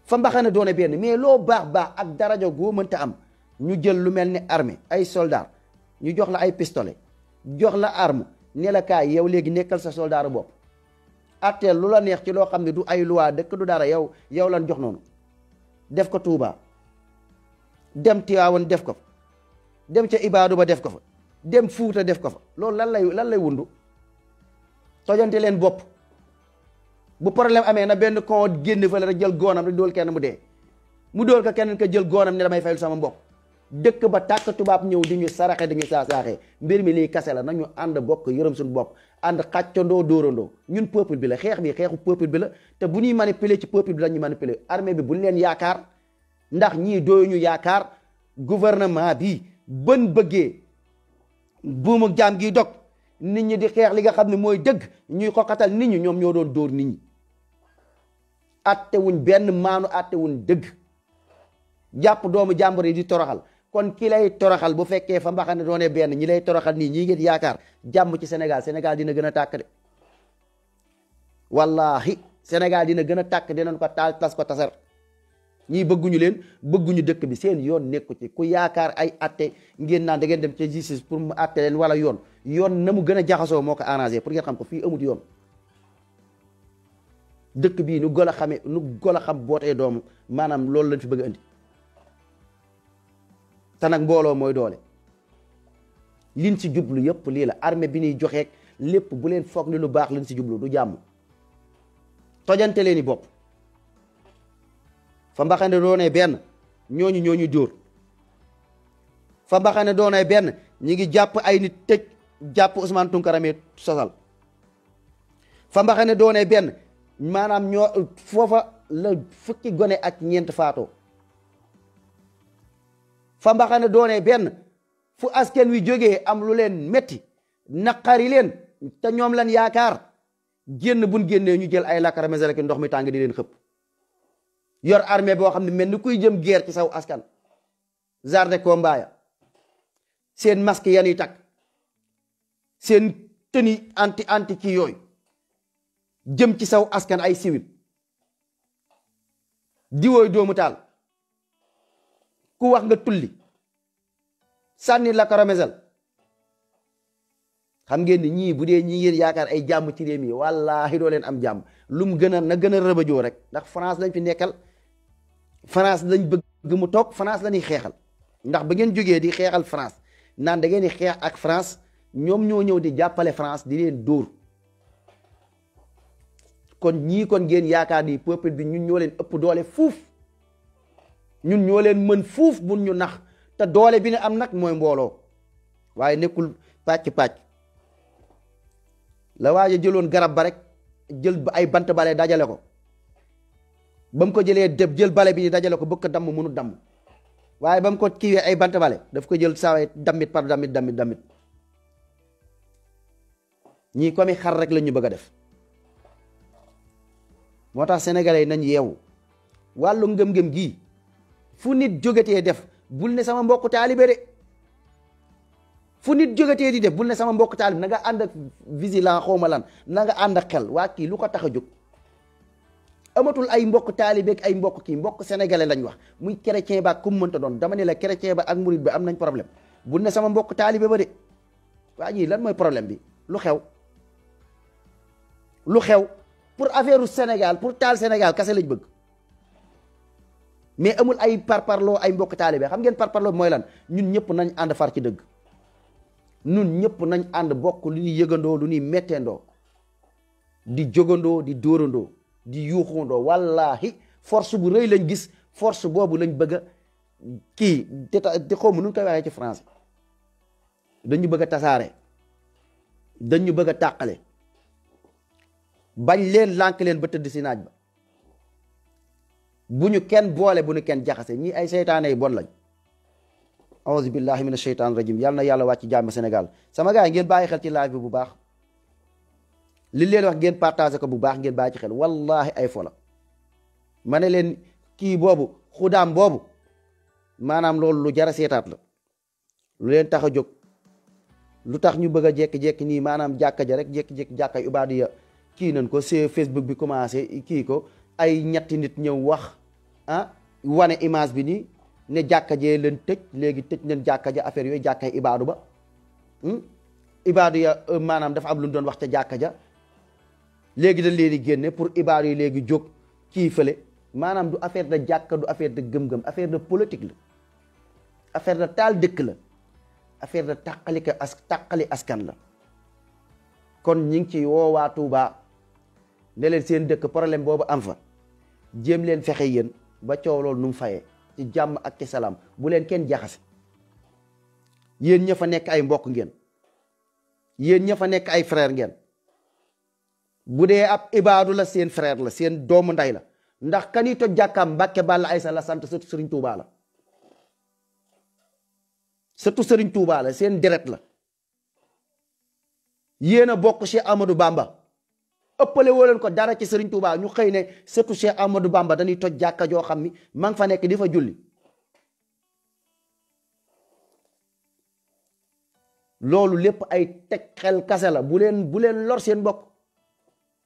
Speaker 1: fa mbaxana doonee benn mais loo baax baax ak daraja goo mënta am ñu jël lu mel ni armée ay soldats ñu jox la ay pistolet jox la arme ne la kaay yow léegi nekkal sa soldaaru bopp atteel lu la neex ci loo xam ne du ay loi dëkk du dara yow yow lan jox noonu def ko tuubaa dem Tiwaawan def ko fa dem ca Ibaadu ba def ko fa dem Fuuta def ko fa loolu lan lay lan lay wundu tojante leen bopp bu problème amee na benn koo génn fa la rek jël goonam rek dool kenn mu dee mu dool ko keneen ko jël goonam ne damay fayul sama mbokk dëkk ba tàkk tubaab ñëw di ñu saraxe di ñu saasaaxee mbir mi lii kase la ñu ànd bokk yërëm suñu bopp ànd xàccandoo dóorandoo ñun peuple bi la xeex bi xeexu peuple bi la te bu ñuy manipuler ci peuple bi la ñu manipuler armée bi bu leen yaakaar ndax ñii dooyu ñu yaakaar gouvernement bi bën bëggee buumu jaam gi dog nit ñi di xeex li nga xam ne mooy dëgg ñuy xoqatal nit ñi ñoom ñoo doon dóor nit ñi attewuñ benn maanu atte attewuñ dëgg jàpp doomu jàmbur yi di toroxal kon ki lay toroxal bu fekkee fa mbaxane doone benn ñi lay toroxal nii ñii ngeen yaakaar jàmm ci senegal senegal dina gën a tàkk de wallahi senegal dina gën a tàkk dinañ ko taal tas ko tasar ñii bëgguñu leen bëgguñu dëkk bi seen yoon nekku ci ku yaakaar ay atte ngeen naan da ngeen dem ca justice pour mu atte wala yoon yoon na mu gën a jaxasoo moo ko arrangé pour ngeen xam ko fii amut yoon dëkk bii nu gol a gol a xam bootee doomu maanaam loolu lañ fi bëgg a indi te mooy doole liñ si jublu yëpp lii la armée bi ñuy joxeek lépp bu leen foog ni lu baax liñ si jublu du jàmm tojante leen i bopp fa mbaxane doonee benn ñooñu ñooñu dóor fa mbaxane doone benn ñi ngi jàpp ay nit tëj jàpp Ousmane Tounkara mi sosal fa mbaxane doonee benn maanaam ñoo foofa la gone ak ñeent faatoo fa mbaxane doonee benn fu askan wi jógee am lu leen metti naqari leen te ñoom lan yaakaar génn buñ génnee ñu jël ay lakkara mesere ki ndox mi tàng di leen xëpp yor armée boo xam ne mel ni kuy jëm guerre ci saw askan genre de combat seen masque yanuy takk seen tenue anti anti kii jëm ci saw askan ay siwit diwooy doomu taal ku wax nga tulli sanni la xam ngeen ni ñii bu dee ñii ngeen yaakaar ay jàmm ci réew mi wallaahi doo leen am jàmm lu mu gën a na gën a rëbëjoo rek ndax France lañ fi nekkal France lañ bëgg mu toog France la ñuy xeexal ndax ba ngeen jógee di xeexal France naan da ngeen di xeex ak France ñoom ñoo ñëw di jàppale France di leen dóor kon ñii kon ngeen yaakaar ni peuple bi ñun ñoo leen ëpp doole fuuf ñun ñoo leen mën fuuf mun ñu nax te doole bi ne am nag mooy mbooloo waaye nekkul pàcc-pàcc la waaja jëloon garab ba rek jël ba ay bant bale dajale ko ba mu ko jëlee deb jël bale bi ñu dajale ko bëgg ko damm mënu damm waaye ba mu ko kiiwee ay bant bale daf ko jël saawee dammit par dammit dammit dammit ñii comme xar rek lañu bëgg a def moo tax sénégalais yi nañ yeewu wàllu ngëm-ngëm gii fu nit jógatee def bul ne sama mbokk taalibe de fu nit jógatee di def bul ne sama mbokk taalibe na nga ànd ak vigilant xawma lan nanga ànd ak xel waa kii lu ko tax a jóg amatul ay mbokk taalibeek ay mbokk kii mbokk sénégalais lañu wax muy chrétien ba ak ku mu doon dama ne la chrétien ba ak murid ba am nañ problème bu ne sama mbokk taalibe ba de waa ñii lan mooy problème bi lu xew lu xew pour affaire u Sénégal pour taal senegal kase lañ bëgg mais amul ay parparloo ay mbokk taalibe xam ngeen parparloo mooy lan ñun ñëpp nañ ànd far ci dëgg ñun ñëpp nañ ànd bokk lu ñuy yëgandoo lu ñuy metteendoo di jógandoo di dóorandoo di yuuxundoo wallaahi force bu rëy lañ gis force boobu lañ bëgg kii te te xaw ma nu waxee ci France dañu bëgg a tasaare dañu bëgg a tàqale bañ leen lànk leen ba tëdd si naaj ba bu ñu kenn boole bu ñu kenn jaxasee ñi ay seytaane bon lañ auzu billahi mina sheytaan rajim yàlla na yàlla wàcc jàmm Sénégal sama gars yi ngeen bàyyi xel ci live bu baax li leen wax ngeen partagé ko bu baax ngeen bàyyi ci xel wallahi ay fola ma ne leen kii boobu xudaam boobu maanaam loolu lu jara seetaat la lu leen tax a jóg lu tax ñu bëgg a jekki-jekki nii maanaam jàkka ja rek jekki-jekki jàkka ubaadu ya kii nañ ko see Facebook bi commencé kii ko ay ñetti nit ñëw wax ah wane image bi nii ne jàkka jee leen tëj léegi tëj nañ jàkka ja affaire yooyu jàkkay ibaadu ba hmm? ibaadu ya euh, maanaam dafa am lu doon wax ca jàkka ja léegi dañ leen di génne pour ibaar yi léegi jóg kii fële maanaam du affaire de jàkka du affaire de gëm-gëm affaire de politique la affaire de taal dëkk la affaire de tàqali ka as tàqali askan la kon ñi ngi ci woowaa Tuubaa ne leen seen dëkk problème boobu am fa jéem leen fexe yéen ba coow loolu nu mu ci jàmm ak ci bu leen kenn jaxase yéen ña fa nekk ay mbokk ngeen yéen ña fa nekk ay frère ngeen bu dee ab ibaadu la seen frère la seen doomu nday la ndax ka kani toj jàkkaam Mbàkke Balla Aysa la sant sëtu Sëriñ Tuubaa la Sëriñ Tuubaa seen deret la yéen a bokk Cheikh amadu Bamba ëppale woo ko dara ci Serigne Touba ñu xëy ne surtout Cheikh Amadou Bamba dañuy toj jàkka joo xam ni maa ngi fa nekk di fa julli loolu lépp ay teg xel kase la bu bu leen lor seen bokk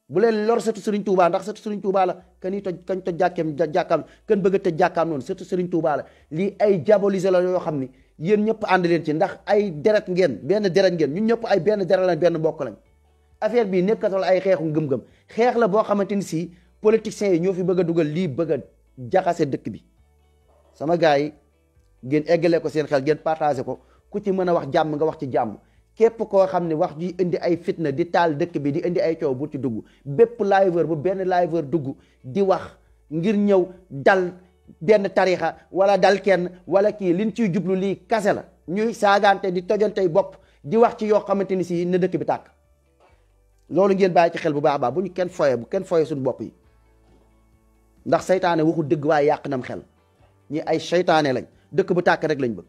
Speaker 1: bu leen lor sëtu Serigne Touba ndax sëtu Serigne Touba la kan i toj kañ toj jàkkeem jàkkaam kan bëgg a tëj jàkkaam noonu sëtu Serigne Touba lii ay diabolisé la yoo xam ni yéen ñëpp ànd leen ci ndax ay deret ngeen benn deret ngeen ñun ñëpp ay benn deret lañ benn mbokk lañ affaire bii nekkatul ay xeexu ngëm-ngëm xeex la boo xamante ni si politiciens yi ñoo fi bëgg a dugal lii bëgg a jaxase dëkk bi sama gars yi ngeen eggalee ko seen xel ngeen partagé ko ku ci mën a wax jàmm nga wax ci jàmm képp koo xam ne wax ji indi ay fitna di taal dëkk bi di indi ay coow bu ci dugg bépp liveur bu benn liveur dugg di wax ngir ñëw dal benn tarixa wala dal kenn wala kii liñ ciy jublu lii kase la ñuy saagante di tojantey bopp di wax ci yoo xamante ni si na dëkk bi tàkk loolu ngeen bàyyi ci xel bu baax baax bu ñu kenn foye bu kenn foye suñu bopp yi ndax seytaane waxu dëgg waaye yàq nam xel ñi ay seytaane lañ dëkk bu tàkk rek lañ bëgg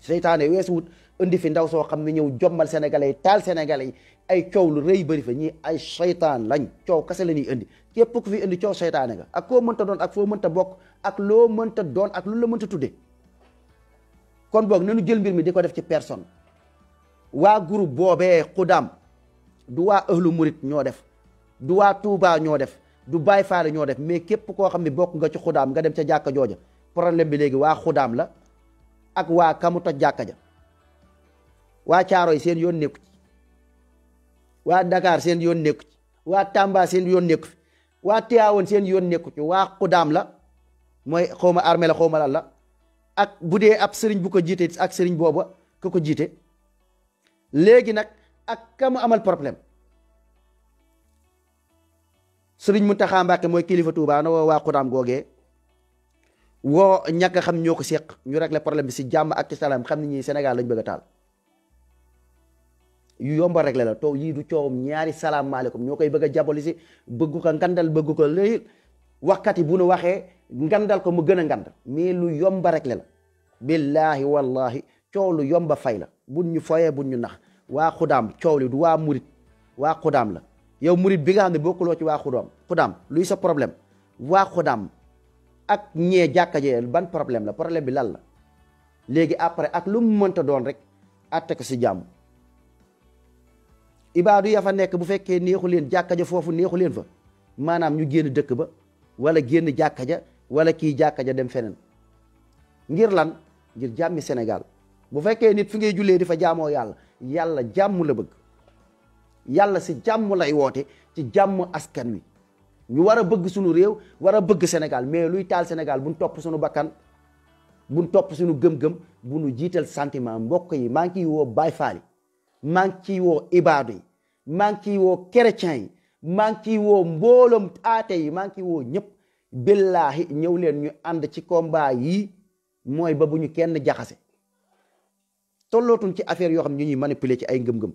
Speaker 1: seytaane weesu indi fi ndaw soo xam ne ñëw jombal sénégalais yi taal sénégalais ay coow lu rëy bëri fa ñii ay seytaan lañ coow kese la ñuy indi képp ku fi indi coow seytaane nga ak koo mënta doon ak foo mënta bokk ak loo mënta doon ak lu la mënta tudde kon boog nanu jël mbir mi di ko def ci personne waa groupe boobee xudaam du waa ëhlu murit ñoo def du waa Touba ñoo def du Baye Fall ñoo def mais képp koo xam ne bokk nga ci xudaam nga dem ca jàkka jooja problème bi léegi waa xudaam la ak waa kamu toj jàkka ja waa Caaroy seen yoon nekku ci waa Dakar seen yoon nekku ci waa Tamba seen yoon nekku waa Tiwaawan seen yoon nekku ci waa Xudaam la mooy xawma armée la xawma la ak bu dee ab sëriñ bu ko jiite ak sëriñ booba ko ko jiite léegi nag ak kamu amal problème sëriñ Muntaxa Mbàkke mooy kilifa Tuubaa na woo waa Xudaam googee woo ñàkk xam ñoo ko séq ñu régler problème bi si jàmm ak ci salaam xam ni ñi senegal lañ bëgg a taal yu yomba réglé la toog yii du coowam ñaari salaamaaleykum ñoo koy bëgg a jabolisi bëggu ko ngandal bëggu ko léegi waxkat yi bu nu waxee ngandal ko mu gën a ngand mais lu yomba réglé la billaahi wallahi coow lu yomba fay la bu ñu foyee bu ñu nax waa xudaam coow li du waa murit waa xudaam la yow murit bi nga xam ne bokkuloo ci waa xudaam xudaam luy sa problème waa xudaam ak ñee jàkka jee ban problème la problème bi lan la léegi après ak lu mu mënta doon rek atte si jàmm ibaadu ya fa nekk bu fekkee neexu leen jàkka ja foofu neexu leen fa maanaam ñu génn dëkk ba wala génn jàkka ja wala kii jàkka ja dem feneen ngir lan ngir jàmmi Sénégal bu fekkee nit fi ngay jullee di fa jaamoo yàlla yàlla jàmm la bëgg yàlla si jàmm lay woote ci jàmm askan wi ñu war a bëgg suñu réew war a bëgg Sénégal mais luy taal Sénégal buñ topp suñu bakkan buñ topp suñu gëm-gëm bu nu jiital sentiment mbokk yi maa ngi ciy woo Baay Faal maa ngi ciy woo ibaadu yi maa ngi ciy woo chrétien yi maa ngi ciy woo mbooloom aate yi maa ngi ciy woo ñëpp billaahi ñëw leen ñu ànd ci combat yi mooy ba bu ñu kenn jaxase tollootuñ ci affaire yoo xam ñu ñuy manipuler ci ay ngëm-ngëm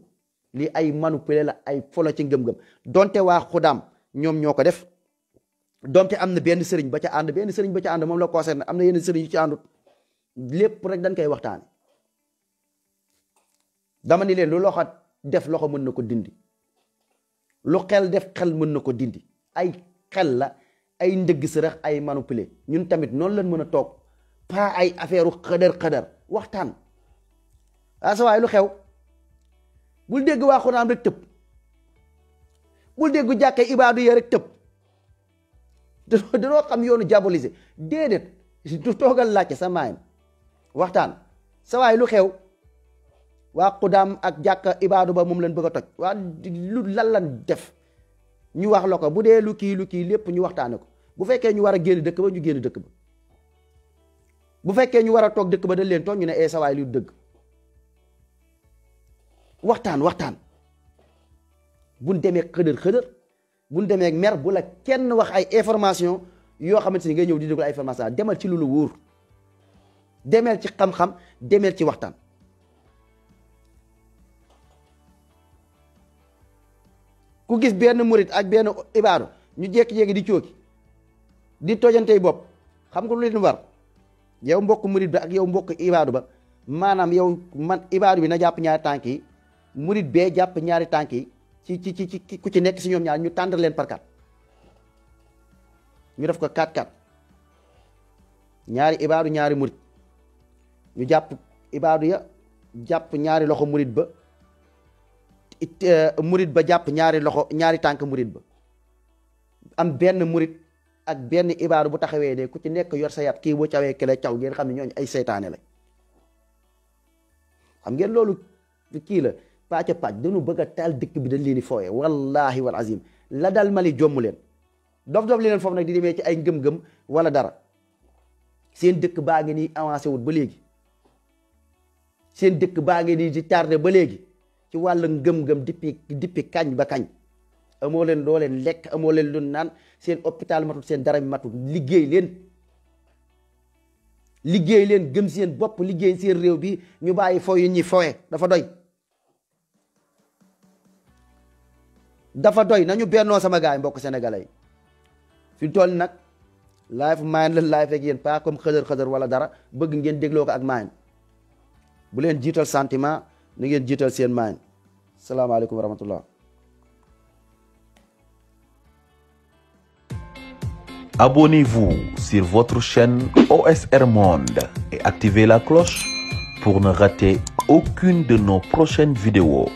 Speaker 1: lii ay manipuler la ay folo ci ngëm-ngëm donte waa xudaam ñoom ñoo ko def donte am na benn sëriñ ba ca ànd benn sëriñ ba ca ànd moom la concerné am na yenn sëriñ ci àndut lépp rek dañ koy waxtaane dama ni leen lu loxo def loxo mën na ko dindi lu xel def xel mën na ko dindi ay xel la ay ndëgg sërëx ay manipulé ñun tamit noonu lañ mën a toog pas ay affaire xëdër xëdër waxtaan asawaay ah, lu xew bul dégg waa xuraam rek tëb bul dégg jàkkee ibaadu ya rek tëb <laughs> danoo xam yoonu diabolisé déedéet du toogal laajte sa maayam waxtaan sawaay lu xew waa Qudaam ak jàkka ibaadu ba moom leen bëgg a toj waa lu lan lan def ñu wax la ko bu dee lu kii lu kii lépp ñu waxtaane ko bu fekkee ñu war a génn dëkk ba ñu génn dëkk ba bu fekkee ñu war a toog dëkk ba dañ leen toog ñu ne ee eh, sawaay lu dëgg waxtaan waxtaan buñ demee xëdër xëdër buñ demee mer bu la kenn wax ay information yoo xamante ni ngay ñëw di déglu ay information demal ci lu lu wóor demeel ci xam-xam demeel ci waxtaan ku gis benn murit ak benn ibaadu ñu jékki-jékki di cooki di tojantey bopp xam nga lu leen war yow mbokk murit bi ak yow mbokk ibaadu ba maanaam yow man ibaadu bi na jàpp ñaari tànk yi murit bee jàpp ñaari tànk yi ci ci ci ci ku ci nekk si ñoom ñaar ñu tàndal leen par ñu def ko kat kat ñaari ibaadu ñaari murit ñu jàpp ibaadu ya jàpp ñaari loxo murit ba Euh, murit ba jàpp ñaari loxo ñaari tànk murit ba am benn murit ak benn ibaaru bu taxawee de ku ci nekk yor sa yat kii bu cawee kele caw ngeen xam ne ñooñu ay seytaane la xam ngeen loolu kii la pàcc pàcc dañu bëgg a taal dëkk bi dañ leen di fooye wallahi wal azim la dal mali jomm leen dof dof li leen foofu nag di demee ci ay ngëm-ngëm wala dara seen dëkk baa ngi nii avancé wut ba léegi seen dëkk baa ngi nii di tardé ba léegi ci wàllu ngëm-ngëm dippi dippi kañ ba kañ amoo leen loo leen lekk amoo leen lu naan seen hôpital matul seen dara matul liggéey leen liggéey leen gëm seen bopp liggéey seen réew bi ñu bàyyi fo yu ñi fowe dafa doy dafa doy nañu bennoo sama gaay mbokk sénégalais yi fi toll nag live mayen la live rek yéen pas comme xëdër xëdër wala dara bëgg ngeen dégloo ko ak mayen bu leen jiital sentiment ni ngeen jiital seen maañ salaamaaleykum wa rahmatullah Abonnez-vous sur votre chaîne OSR Monde et activez la cloche pour ne rater aucune de nos prochaines vidéos.